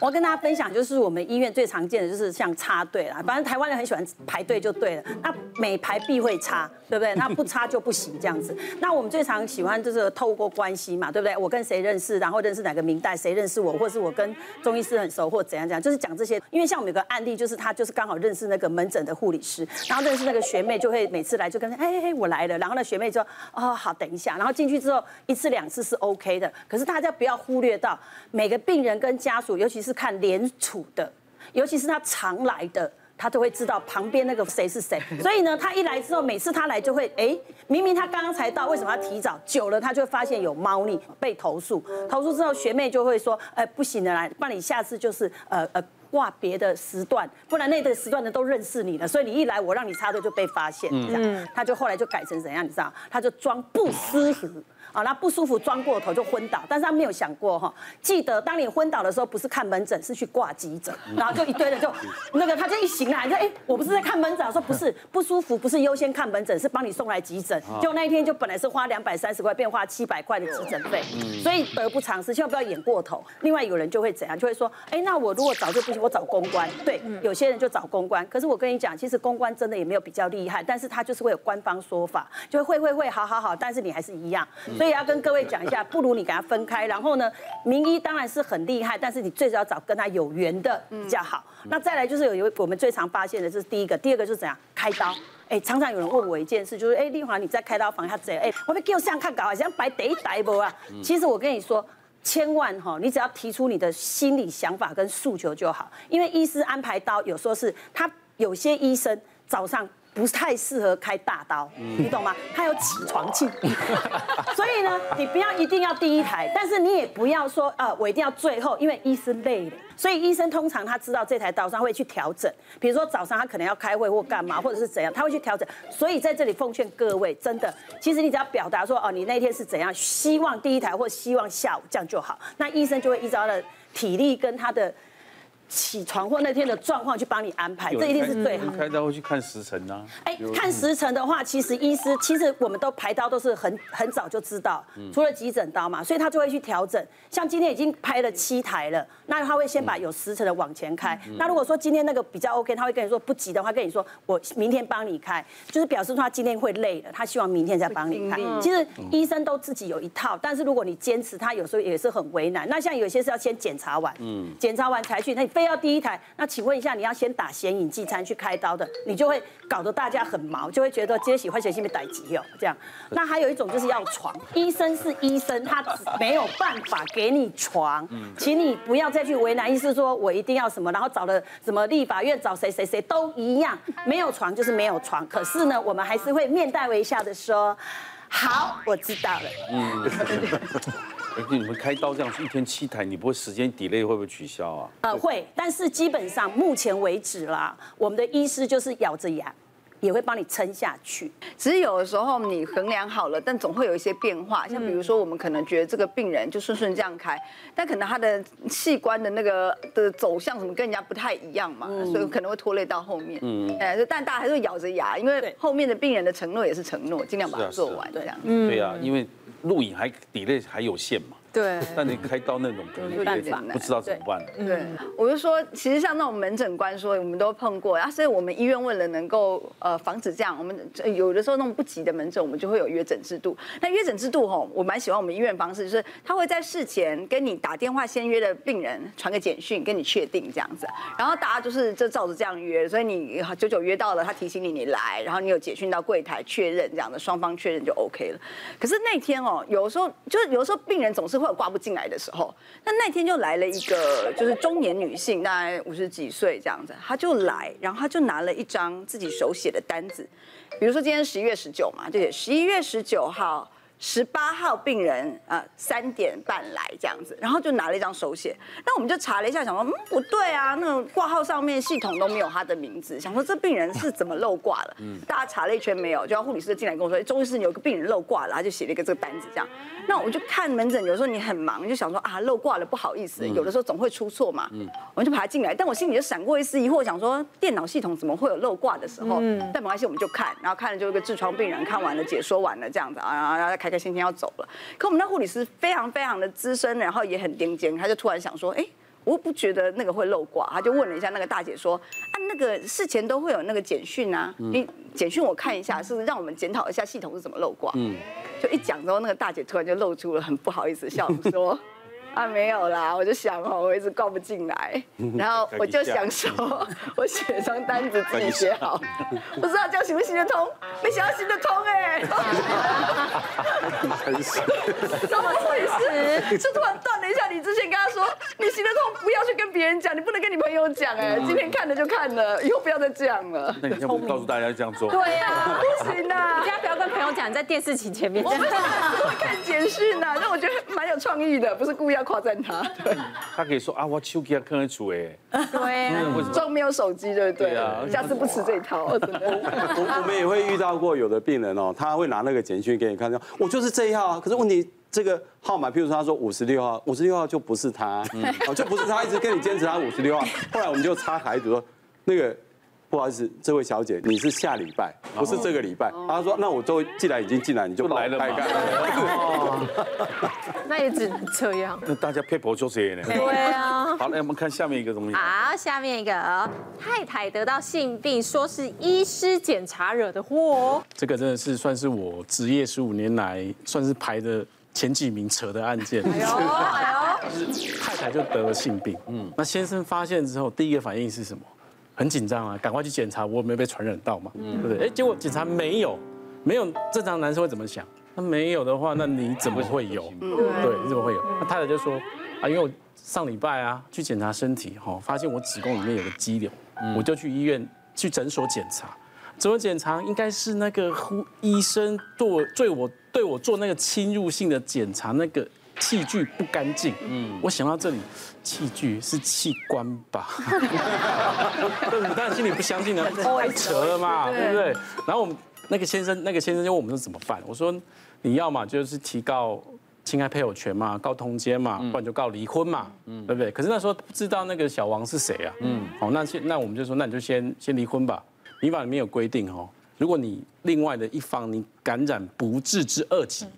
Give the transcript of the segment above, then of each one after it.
我要跟大家分享，就是我們醫院最常見的就是像插隊啦，反正台灣人很喜歡排隊就對了。那每排必會插，對不對？那不插就不行這樣子。那我們最常喜歡就是透過關係嘛，對不對？我跟誰認識，然後認識哪個民代，誰認識我，或是我跟中醫師很熟，或怎樣怎樣，就是講這些。因為像我們有個案例，就是他就是剛好認識那個門診的護理師，然後認識那個學妹，就會每次來就跟，哎哎哎，我來了。然後那學妹就說，哦好，等一下。然後進去之後一次兩次是 OK 的，可是大家不要忽略到每個病人跟家屬，尤其是。看聯儲的，尤其是他常來的，他就會知道旁邊那個誰是誰。所以呢，他一來之後，每次他來就會，哎、欸，明明他剛剛才到，為什麼要提早？久了他就會發現有貓膩，被投訴。投訴之後，學妹就會說，哎、欸，不行的，來，那你下次就是呃呃掛別的時段，不然那個時段的都認識你了，所以你一來，我讓你插隊就被發現。嗯、這樣，他就後來就改成怎樣？你知道，他就裝不思。啊，那不舒服裝過頭就昏倒，但是他沒有想過哈。記得當你昏倒的時候，不是看門診，是去掛急診，然後就一堆的就 那個，他就一醒來你說，哎，我不是在看門診，說不是 不舒服，不是優先看門診，是幫你送來急診。 就那一天就本來是花兩百三十塊，變花七百塊的急診費，所以得不償失。千萬不要演過頭。另外有人就會怎樣，就會說，哎，那我如果早就不行，我找公關，對，有些人就找公關。可是我跟你講，其實公關真的也沒有比較厲害，但是他就是會有官方說法，就會會會好好好，但是你還是一樣。 所以要跟各位講一下，不如你跟他分開。然後呢，名醫當然是很厲害，但是你最少要找跟他有緣的比較好。嗯、那再來就是有一位我們最常發現的，這是第一個。第二個就是怎樣開刀？哎、欸，常常有人問我一件事，就是哎麗華你在開刀房下子哎，我被狗這樣看搞，好像排第一台不啊？嗯、其實我跟你說，千萬哈、喔，你只要提出你的心理想法跟訴求就好，因為醫師安排刀，有時候是他有些醫生早上。不太適合開大刀，你懂嗎？他有起床氣， 所以呢，你不要一定要第一台，但是你也不要說呃，我一定要最後，因為醫生累了，所以醫生通常他知道這台刀上會去調整，比如說早上他可能要開會或幹嘛，或者是怎樣，他會去調整。所以在這裡奉勸各位，真的，其實你只要表達說哦、呃，你那天是怎樣，希望第一台或希望下午這樣就好，那醫生就會依照他的體力跟他的。起床或那天的狀況去幫你安排，這一定是最好。開刀會去看時辰吶？哎，看時辰的話，其實醫師，其實我們都排刀都是很很早就知道，除了急診刀嘛，所以他就會去調整。像今天已經排了七台了，那他會先把有時辰的往前開。那如果說今天那個比較 OK，他會跟你說不急的話，跟你說我明天幫你開，就是表示說他今天會累的，他希望明天再幫你開。其實醫生都自己有一套，但是如果你堅持，他有時候也是很為難。那像有些是要先檢查完，嗯，檢查完才去那。要第一台，那請問一下，你要先打顯影劑餐去開刀的，你就會搞得大家很忙，就會覺得接喜，歡血性被逮急哦，這樣。那還有一種就是要床，醫生是醫生，他沒有辦法給你床，請你不要再去為難醫生，意思說我一定要什麼，然後找了什麼立法院找誰誰誰都一樣，沒有床就是沒有床。可是呢，我們還是會面帶微笑的說，好，我知道了。 而且你們開刀這樣一天七台，你不會時間 delay 會不會取消啊？呃，會，但是基本上目前為止啦，我們的醫師就是咬着牙。也會幫你撐下去，只是有的時候你衡量好了，但總會有一些變化。像比如說，我們可能覺得這個病人就順順這樣開，但可能他的器官的那個的走向什麼跟人家不太一樣嘛，嗯、所以可能會拖累到後面。哎、嗯，但大家還是咬着牙，因為後面的病人的承諾也是承諾，盡量把它做完這樣子。啊對啊，因為錄影還比例還有限嘛。對，那你開刀那種就有點難，不知道怎麼辦。對，嗯、我就說，其實像那種門診官說，我們都碰過啊。所以我們醫院為了能夠呃防止這樣，我們有的時候那種不急的門診，我們就會有約診制度。那約診制度吼，我蠻喜歡我們醫院方式，就是他會在事前跟你打電話先約的病人傳個簡訊跟你確定這樣子，然後大家就是就照着這樣約。所以你久久約到了，他提醒你你來，然後你有簡訊到櫃檯確認這樣的雙方確認就 OK 了。可是那天哦，有時候就是有時候病人總是。或者掛不進來的時候，那那天就來了一個，就是中年女性，大概五十幾歲這樣子，她就來，然後她就拿了一張自己手寫的單子，比如說今天十一月十九嘛，就寫十一月十九號。十八號病人啊，呃、三點半來這樣子，然後就拿了一張手寫，那我們就查了一下，想說，嗯，不對啊，那個掛號上面系統都沒有他的名字，想說這病人是怎麼漏掛了啊？嗯，大家查了一圈沒有，就讓護理師進來跟我說，哎，鍾醫師有一個病人漏掛了，他就寫了一個這個單子這樣。那我們就看門診，有時候你很忙，你就想說啊，漏掛了不好意思，嗯、有的時候總會出錯嘛。嗯，嗯我們就把他進來，但我心裡就閃過一絲疑惑，想說電腦系統怎麼會有漏掛的時候？嗯，但沒關係，我們就看，然後看了就是個痔瘡病人，看完了解說完了這樣子啊，然後然後再開。一個星期要走了，可我們那護理師非常非常的資深，然後也很頂尖，他就突然想說，哎，我不覺得那個會漏掛，他就問了一下那個大姐說，啊，那個事前都會有那個簡訊啊，嗯、你簡訊我看一下，是不是讓我們檢討一下系統是怎麼漏掛？嗯，就一講之後，那個大姐突然就露出了很不好意思的笑容說。 啊沒有啦，我就想哦，我一直掛不進來，然後我就想說，我寫張單子自己寫好，不知道這樣行不行得通，沒想到行得通哎，真是，怎麼回事？實就突然斷了一下。你之前跟他說，你行得通，不要去跟別人講，你不能跟你朋友講哎、欸，今天看了就看了，以後不要再這樣了。那你就不告訴大家要這樣做？對呀、啊，不行的，大家不要跟朋友講，你在電視前面前，我不會看簡訊的、啊，那我覺得蠻有創意的，不是故意要。誇讚他，他可以說啊，我手機看得出哎。對，我裝沒有手機對不對，對？啊、下次不吃這一套，真的，我們也會遇到過有的病人哦、喔，他會拿那個簡訊給你看，說我就是這一號啊。可是問題這個號碼，譬如說他說五十六號，五十六號就不是他，哦，就不是他，一直跟你堅持他五十六號。後來我們就插孩子說那個。不好意思，這位小姐，你是下禮拜，不是這個禮拜。他說：“那我都既然已經進來，你就來了嘛。”哦，那也只能這樣。那大家配服就也能對啊。好，那我們看下面一個東西。好，下面一個，太太得到性病，說是醫師檢查惹的禍。這個真的是算是我執業十五年來，算是排的前幾名扯的案件。就是太太就得了性病，嗯，那先生發現之後，第一個反應是什麼？很緊張啊，趕快去檢查，我有沒有被傳染到嘛？對不對？哎，結果檢查沒有，沒有。正常男生會怎麼想？那沒有的話，那你怎麼會有？對，你怎麼會有？那太太就說啊，因為我上禮拜啊去檢查身體，喔，發現我子宮裡面有個肌瘤，我就去醫院去診所檢查。怎麼檢查？應該是那個呼醫生對我、對我、對我做那個侵入性的檢查那個。器具不乾淨，嗯，我想到這裡，器具是器官吧？ 但是心裡不相信呢，太扯了嘛，哦哦哦、對不對？對，然後我們那個先生，那個先生就問我們說怎麼辦？我說，你要嘛就是提告侵害配偶權嘛，告通姦嘛，嗯、不然就告離婚嘛，嗯，對不對？可是那時候不知道那個小王是誰啊，嗯，哦，那先那我們就說，那你就先先離婚吧。民法裡面有規定哦，如果你另外的一方你感染不治之惡疾。嗯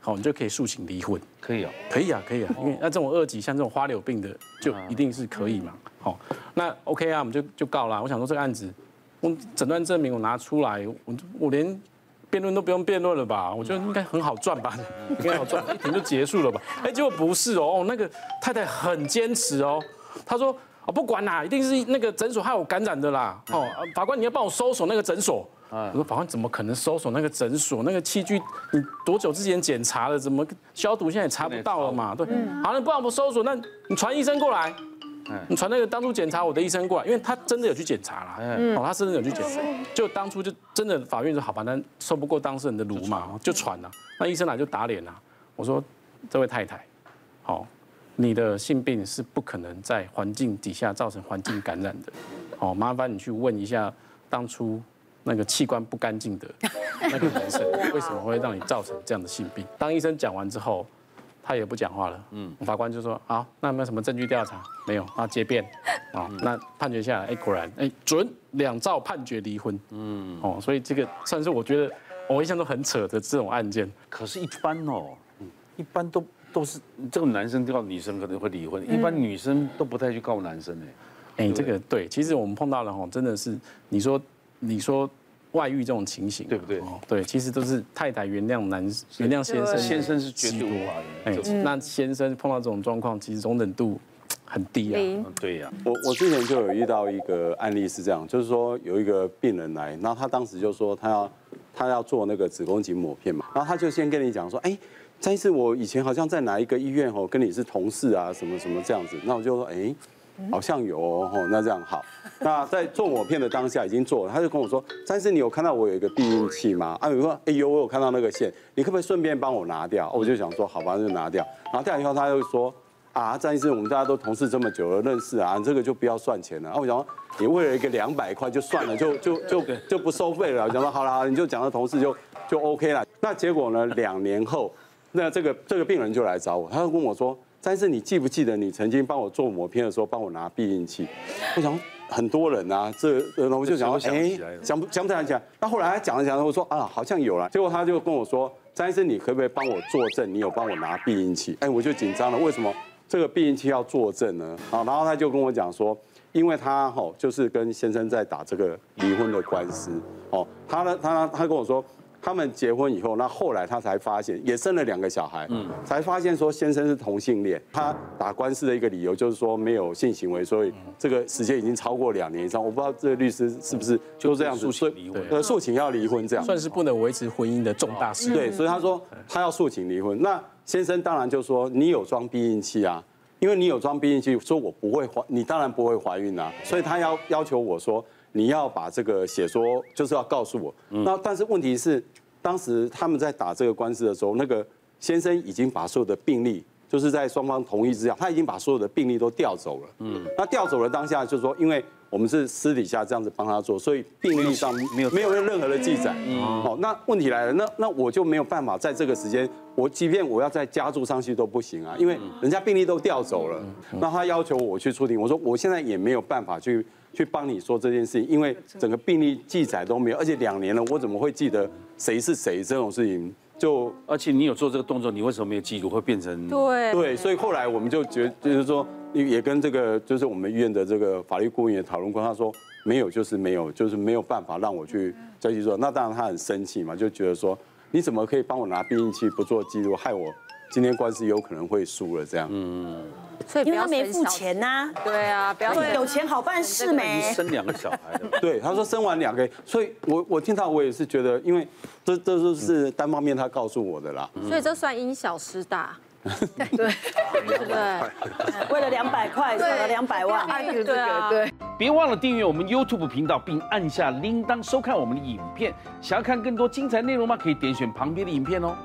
好，你就可以訴請離婚，可以啊，喔，可以啊，可以啊，因為那這種惡疾，像這種花柳病的，就一定是可以嘛。好，那 OK 啊，我們就就告啦。我想說，這個案子，我診斷證明我拿出來，我我連辯論都不用辯論了吧？我覺得應該很好賺吧，應該好賺，一點就結束了吧？哎，欸，結果不是哦，喔，那個太太很堅持哦，喔，她說啊，不管啦，一定是那個診所害我感染的啦。哦，喔，法官你要幫我搜索那個診所。我說法官怎麼可能搜索那個診所那個器具？你多久之前檢查了？怎麼消毒？現在也查不到了嘛？對，對啊、好，那不然不搜索，那你傳醫生過來，對你傳那個當初檢查我的醫生過來，因為他真的有去檢查了，對哦，他真的有去檢查，對就當初就真的法院說好吧，那受不過當事人的爐嘛，就傳了，傳啊、對那醫生來就打臉了、啊。我說這位太太，好、哦，你的性病是不可能在環境底下造成環境感染的，哦，麻煩你去問一下當初。那個器官不乾淨的那個男生，為什麼會讓你造成這樣的性病？當醫生講完之後，他也不講話了。嗯，法官就說：“啊，那有沒有什麼證據調查？沒有，啊，結辯。嗯、那判決下來，哎、欸，果然，哎、欸，准兩造判決離婚。嗯，哦，所以這個算是我覺得我一向都很扯的這種案件。可是，一般哦，嗯，一般都都是這個男生告女生可能會離婚，嗯、一般女生都不太去告男生哎。哎、欸，這個對，其實我們碰到了哦，真的是你說。你說外遇這種情形，啊，對，對不對？對，其實都是太太原諒男，原諒先生，先生是極度化的。那先生碰到這種狀況，其實容忍度很低啊。對呀，啊，我我之前就有遇到一個案例是這樣，就是說有一個病人來，然後他當時就說他要他要做那個子宮頸抹片嘛，然後他就先跟你講說，哎，再一次我以前好像在哪一個醫院哦，跟你是同事啊，什麼什麼這樣子，那我就說，哎。好像有哦，那這樣好。那在做我片的當下已經做了，他就跟我說：“詹醫師你有看到我有一個避孕器嗎？”啊，比如說：“哎、欸、呦，我有看到那個線，你可不可以順便幫我拿掉、哦？”我就想說：“好吧，就拿掉。”然後掉以後，他就說：“啊，張醫生，我們大家都同事這麼久了，認識啊，你這個就不要算錢了。啊”然後我想，說，你為了一個兩百塊就算了，就就就就不收費了。講說：“好了好了，你就講到同事就就 OK 了。”那結果呢？兩年後，那這個這個病人就來找我，他就跟我說。詹醫生你記不記得你曾經幫我做抹片的時候，幫我拿避孕器？我想很多人啊，這，然後我就想說，哎，想不想不想起來講。那後來他講了講，我說啊，好像有了。結果他就跟我說，詹醫生，你可不可以幫我作證，你有幫我拿避孕器？哎，我就緊張了，為什麼這個避孕器要作證呢？然後他就跟我講說，因為他吼就是跟先生在打這個離婚的官司，哦，他呢，他他跟我說。他們結婚以後，那後來他才發現也生了兩個小孩，嗯，才發現說先生是同性戀。他打官司的一個理由就是說沒有性行為，所以這個時間已經超過兩年以上。我不知道這個律師是不是就是這樣子訴請、嗯、離婚？呃以，訴請、啊、要離婚這樣算是不能維持婚姻的重大事。嗯、對，所以他說他要訴請離婚。那先生當然就說你有裝避孕器啊。因為你有裝病進去，說我不會懷，你當然不會懷孕啊，所以他要要求我說，你要把這個寫說，就是要告訴我。那但是問題是，當時他們在打這個官司的時候，那個先生已經把所有的病歷，就是在雙方同意之下，他已經把所有的病歷都調走了。嗯。那調走了當下就是說，因為我們是私底下這樣子幫他做，所以病歷上沒有沒有任何的記載。哦。好，那問題來了，那那我就沒有辦法在這個時間。我即便我要再加注上去都不行啊，因為人家病歷都調走了。那他要求我去出庭，我說我現在也沒有辦法去去幫你說這件事情，因為整個病歷記載都沒有，而且兩年了，我怎麼會記得誰是誰這種事情？就而且你有做這個動作，你為什麼沒有記住？會變成對對，對所以後來我們就覺就是說也跟這個就是我們醫院的這個法律顧問也討論過，他說沒有就是沒有，就是沒有辦法讓我去再去說。對那當然他很生氣嘛，就覺得說。你怎麼可以幫我拿避孕器不做記錄，害我今天官司有可能會輸了？這樣，嗯，嗯，所以不要因為他沒付錢吶、啊，對啊，不要對，有錢好辦事沒？生兩個小孩，對， 他說生完兩個，所以我我聽到我也是覺得，因為這這都是單方面他告訴我的啦，嗯、所以這算因小失大。對為了兩百塊，少對了兩百萬，這個，對啊對。別忘了訂閱我們 YouTube 頻道，並按下鈴鐺收看我們的影片。想要看更多精彩內容嗎？可以點選旁邊的影片哦。